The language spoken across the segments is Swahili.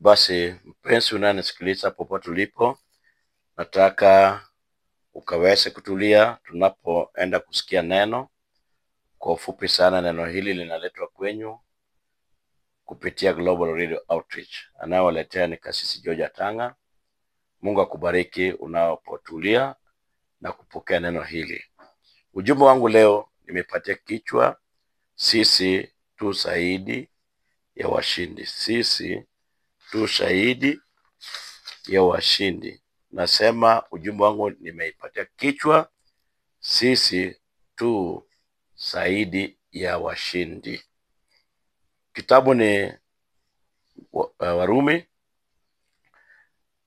Basi mpenzi unayenisikiliza popote ulipo, nataka ukaweze kutulia tunapoenda kusikia neno. Kwa ufupi sana, neno hili linaletwa kwenyu kupitia Global Radio Outreach. Anayewaletea ni Kasisi George Tanga. Mungu akubariki unapotulia na kupokea neno hili. Ujumbe wangu leo nimepatia kichwa, sisi tu zaidi ya washindi. Sisi tu shahidi ya washindi. Nasema ujumbe wangu nimeipatia kichwa, sisi tu shahidi ya washindi. Kitabu ni eh, Warumi,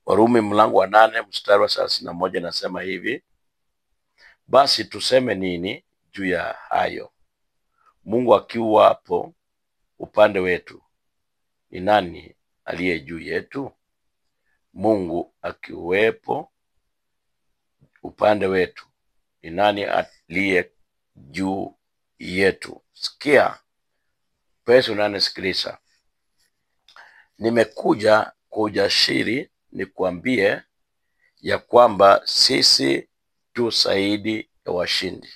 Warumi mlango wa nane mstari wa thelathini na moja nasema hivi: basi tuseme nini juu ya hayo? Mungu akiwapo upande wetu, ni nani aliye juu yetu, Mungu akiwepo upande wetu, ni nani aliye juu yetu? Sikia pesa unanisikiliza, nimekuja kwa ujasiri nikuambie ya kwamba sisi tu zaidi ya washindi.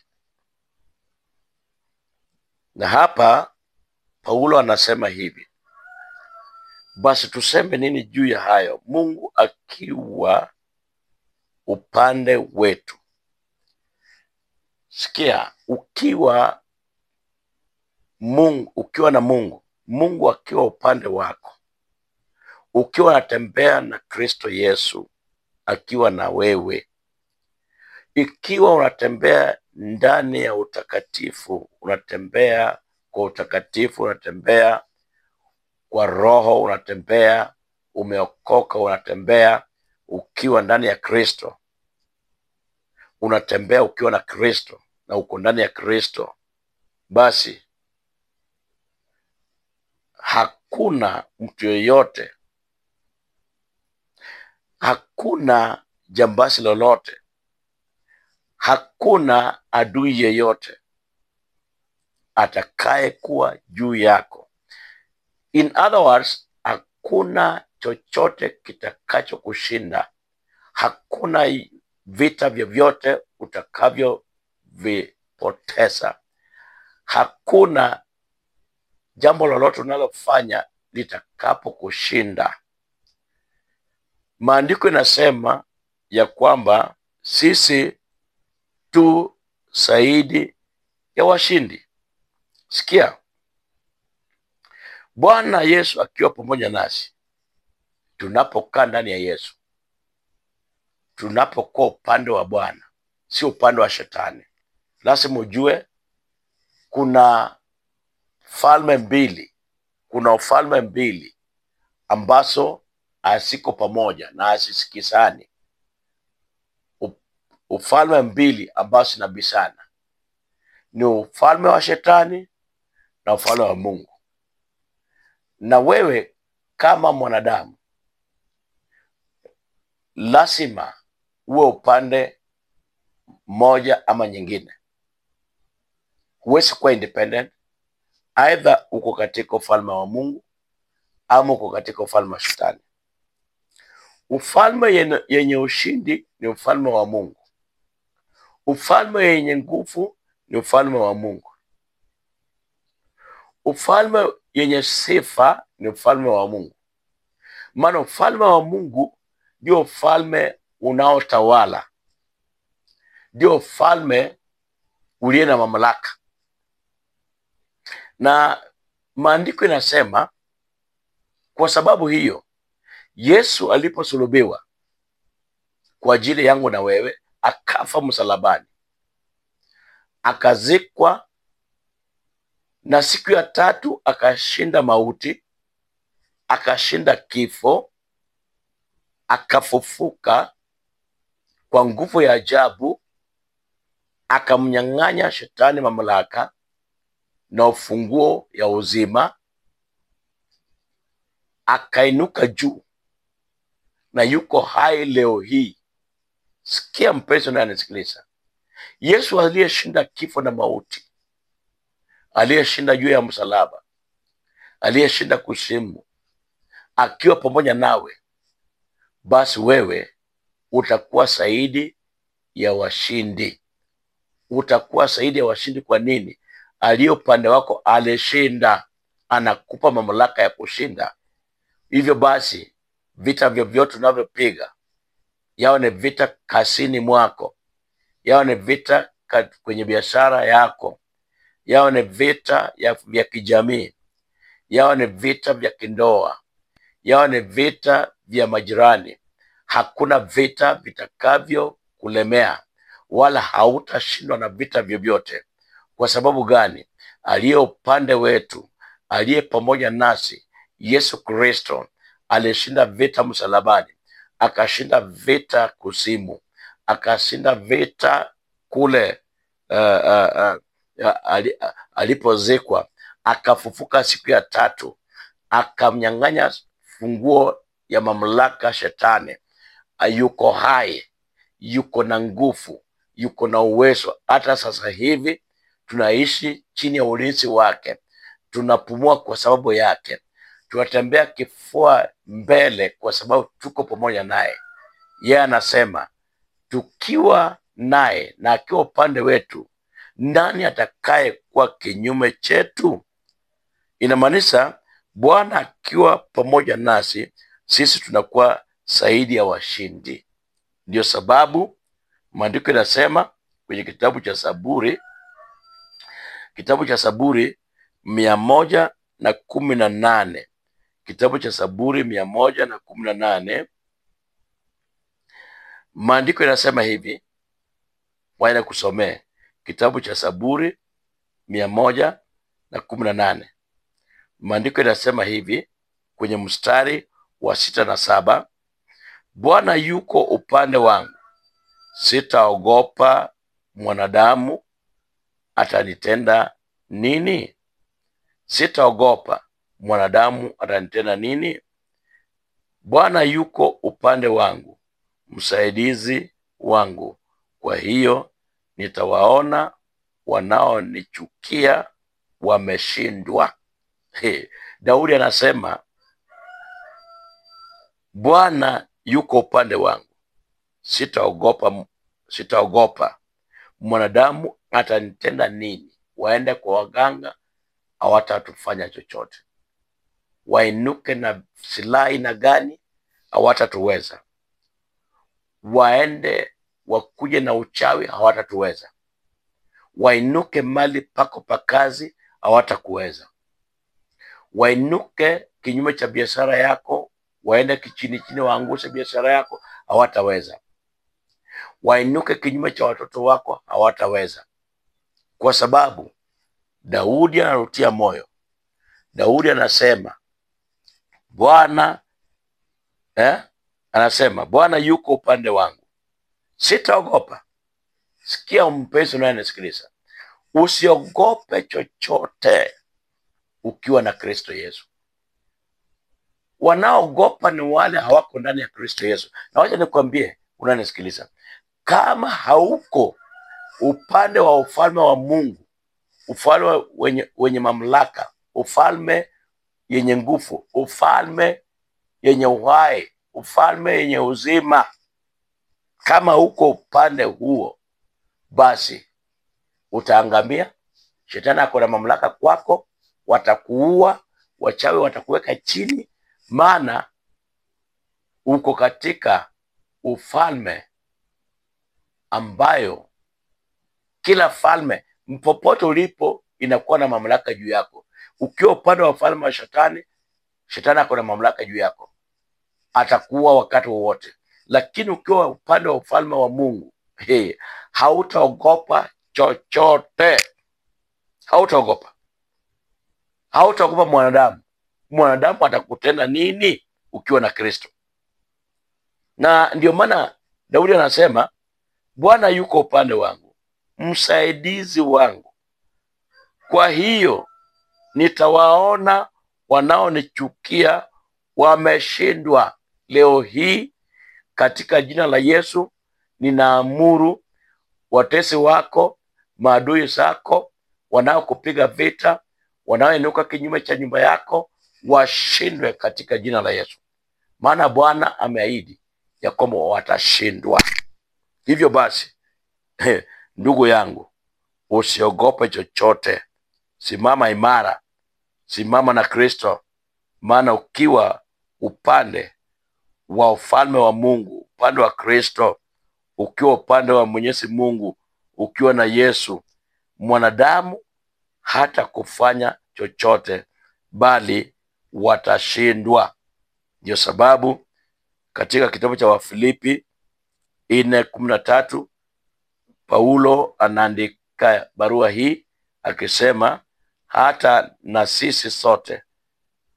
Na hapa Paulo anasema hivi basi tuseme nini juu ya hayo? Mungu akiwa upande wetu. Sikia, ukiwa Mungu, ukiwa na Mungu, Mungu akiwa upande wako, ukiwa unatembea na Kristo Yesu akiwa na wewe, ikiwa unatembea ndani ya utakatifu, unatembea kwa utakatifu, unatembea kwa roho unatembea, umeokoka, unatembea ukiwa ndani ya Kristo, unatembea ukiwa na Kristo na uko ndani ya Kristo, basi hakuna mtu yoyote, hakuna jambasi lolote, hakuna adui yeyote atakaye kuwa juu yako In other words, hakuna chochote kitakacho kushinda, hakuna vita vyovyote utakavyovipoteza, hakuna jambo lolote unalofanya litakapo kushinda. Maandiko inasema ya kwamba sisi tu zaidi ya washindi. Sikia, Bwana Yesu akiwa pamoja nasi, tunapokaa ndani ya Yesu, tunapokuwa upande wa Bwana, sio upande wa Shetani. Lazima ujue kuna falme mbili, kuna ufalme mbili ambazo asiko pamoja na asisikisani, ufalme mbili ambazo zinabisana, ni ufalme wa Shetani na ufalme wa Mungu na wewe kama mwanadamu lazima uwe upande moja ama nyingine. Huwezi kuwa independent, aidha uko katika ufalme wa Mungu ama uko katika ufalme wa Shetani. Ufalme yenye, yenye ushindi ni ufalme wa Mungu. Ufalme yenye nguvu ni ufalme wa Mungu. Ufalme yenye sifa ni ufalme wa Mungu, maana ufalme wa Mungu ndio ufalme unaotawala, ndio ufalme uliye na mamlaka, na maandiko inasema kwa sababu hiyo Yesu aliposulubiwa kwa ajili yangu na wewe, akafa msalabani, akazikwa na siku ya tatu akashinda mauti, akashinda kifo, akafufuka kwa nguvu ya ajabu, akamnyang'anya shetani mamlaka na ufunguo ya uzima, akainuka juu na yuko hai leo hii. Sikia mpenzi, naye anasikiliza, Yesu aliyeshinda kifo na mauti aliyeshinda juu ya msalaba, aliyeshinda kusimu, akiwa pamoja nawe, basi wewe utakuwa saidi ya washindi. Utakuwa saidi ya washindi. Kwa nini? Aliye upande wako alishinda, anakupa mamlaka ya kushinda. Hivyo basi, vita vyovyote tunavyopiga, yao ni vita kasini mwako, yao ni vita kwenye biashara yako yawe ni vita ya vya kijamii, yawe ni vita vya kindoa, yawe ni vita vya majirani. Hakuna vita vitakavyokulemea wala hautashindwa na vita vyovyote. Kwa sababu gani? Aliye upande wetu, aliye pamoja nasi, Yesu Kristo alishinda vita msalabani, akashinda vita kusimu akashinda vita kule uh, uh, uh, alipozikwa, akafufuka siku ya tatu, akamnyang'anya funguo ya mamlaka Shetani. Yuko hai, yuko na nguvu, yuko na uwezo. Hata sasa hivi tunaishi chini ya ulinzi wake, tunapumua kwa sababu yake, tunatembea kifua mbele kwa sababu tuko pamoja naye. Yeye anasema tukiwa naye na akiwa upande wetu nani atakaye kuwa kinyume chetu? Inamaanisha Bwana akiwa pamoja nasi, sisi tunakuwa zaidi ya washindi. ndio sababu maandiko inasema kwenye kitabu cha Saburi, kitabu cha Saburi mia moja na kumi na nane kitabu cha Saburi mia moja na kumi na nane maandiko inasema hivi, waenda kusomee kitabu cha Saburi mia moja na kumi na nane maandiko inasema hivi kwenye mstari wa sita na saba Bwana yuko upande wangu, sitaogopa mwanadamu atanitenda nini? Sitaogopa mwanadamu atanitenda nini? Bwana yuko upande wangu, msaidizi wangu, kwa hiyo nitawaona wanaonichukia wameshindwa. Daudi anasema Bwana yuko upande wangu, sitaogopa, sitaogopa mwanadamu atanitenda nini. Waende kwa waganga, hawatatufanya chochote. Wainuke na silaha aina gani, hawatatuweza. Waende wakuje na uchawi hawatatuweza, wainuke mali pako pa kazi hawatakuweza, wainuke kinyume cha biashara yako, waende kichini chini, waangushe biashara yako, hawataweza. Wainuke kinyume cha watoto wako, hawataweza, kwa sababu Daudi anarutia moyo. Daudi anasema Bwana eh, anasema Bwana yuko upande wangu Sitaogopa. Sikia mpenzi unayenisikiliza, usiogope chochote ukiwa na Kristo Yesu. Wanaogopa ni wale hawako ndani ya Kristo Yesu. Na wacha nikwambie, unanisikiliza, kama hauko upande wa ufalme wa Mungu, ufalme wenye, wenye mamlaka, ufalme yenye nguvu, ufalme yenye uhai, ufalme yenye uzima kama uko upande huo, basi utaangamia. Shetani ako na mamlaka kwako, watakuua, wachawi watakuweka chini, maana uko katika ufalme ambayo kila falme mpopote ulipo inakuwa na mamlaka juu yako. Ukiwa upande wa ufalme wa shetani, shetani ako na mamlaka juu yako, atakuua wakati wowote lakini ukiwa upande wa ufalme wa Mungu hey, hautaogopa chochote, hautaogopa, hautaogopa mwanadamu. Mwanadamu atakutenda nini ukiwa na Kristo? Na ndio maana Daudi anasema Bwana yuko upande wangu, msaidizi wangu, kwa hiyo nitawaona wanaonichukia wameshindwa. Leo hii katika jina la Yesu ninaamuru watesi wako, maadui zako, wanaokupiga vita, wanaoinuka kinyume cha nyumba yako washindwe katika jina la Yesu, maana Bwana ameahidi ya kwamba watashindwa. Hivyo basi, ndugu yangu, usiogope chochote, simama imara, simama na Kristo, maana ukiwa upande wa ufalme wa Mungu, upande wa Kristo, ukiwa upande wa Mwenyezi Mungu, ukiwa na Yesu, mwanadamu hata kufanya chochote, bali watashindwa. Ndio sababu katika kitabu cha Wafilipi nne kumi na tatu Paulo anaandika barua hii akisema, hata na sisi sote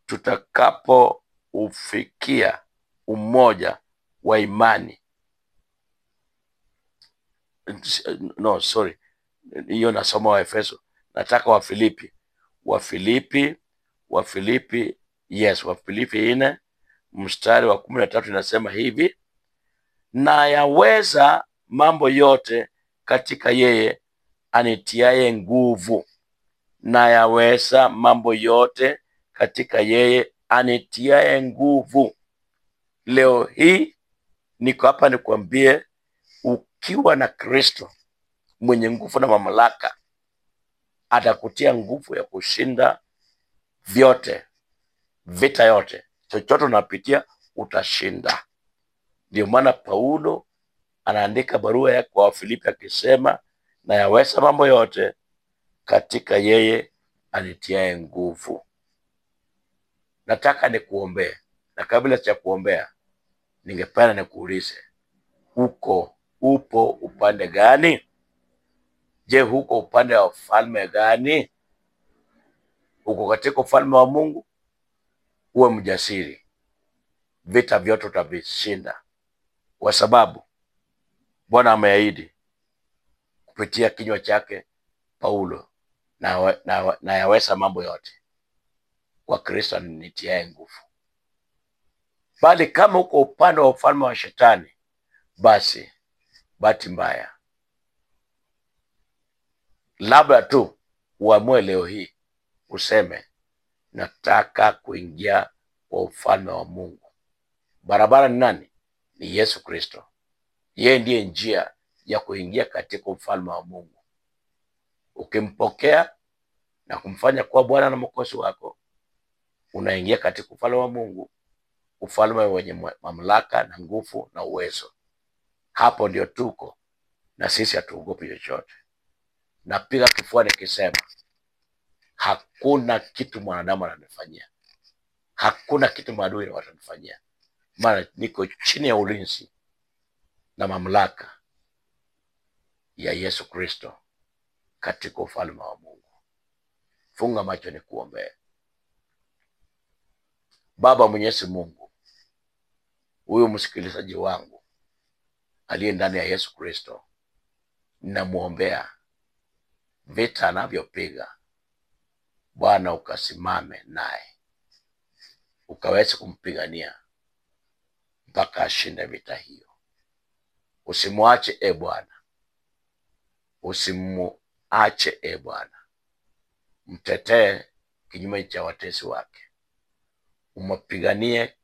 tutakapoufikia umoja wa imani. No, sorry, hiyo nasoma Waefeso, nataka Wafilipi, Wafilipi, Wafilipi, yes, Wafilipi nne mstari wa kumi na tatu inasema hivi, nayaweza mambo yote katika yeye anitiaye nguvu, nayaweza mambo yote katika yeye anitiaye nguvu. Leo hii niko hapa nikuambie, ukiwa na Kristo mwenye nguvu na mamlaka, atakutia nguvu ya kushinda vyote, vita yote, chochote unapitia utashinda. Ndio maana Paulo anaandika barua yake kwa Wafilipi akisema, na yaweza mambo yote katika yeye anitiaye nguvu. Nataka nikuombee, na kabla cha kuombea ningependa nikuulize, huko upo upande gani? Je, huko upande wa ufalme gani? Uko katika ufalme wa Mungu? Uwe mjasiri, vita vyote utavishinda, kwa sababu Bwana ameahidi kupitia kinywa chake Paulo, na, na, na yaweza mambo yote kwa Kristo anitiaye nguvu bali kama uko upande wa ufalme wa shetani, basi bahati mbaya, labda tu uamue leo hii useme nataka kuingia kwa ufalme wa Mungu. Barabara ni nani? Ni Yesu Kristo. Yeye ndiye njia ya kuingia katika ufalme wa Mungu. Ukimpokea na kumfanya kuwa Bwana na Mwokozi wako, unaingia katika ufalme wa Mungu ufalme wenye mamlaka na nguvu na uwezo. Hapo ndio tuko na sisi, hatuogopi chochote. Napiga kifua nikisema hakuna kitu mwanadamu ananifanyia, hakuna kitu maadui watanifanyia, maana niko chini ya ulinzi na mamlaka ya Yesu Kristo katika ufalme wa Mungu. Funga macho, nikuombee. Baba Mwenyezi Mungu, huyo msikilizaji wangu aliye ndani ya Yesu Kristo, namwombea vita anavyopiga, Bwana ukasimame naye ukaweze kumpigania mpaka ashinde vita hiyo. Usimwache e Bwana, usimuache e Bwana, mtetee kinyume cha watesi wake, umapiganie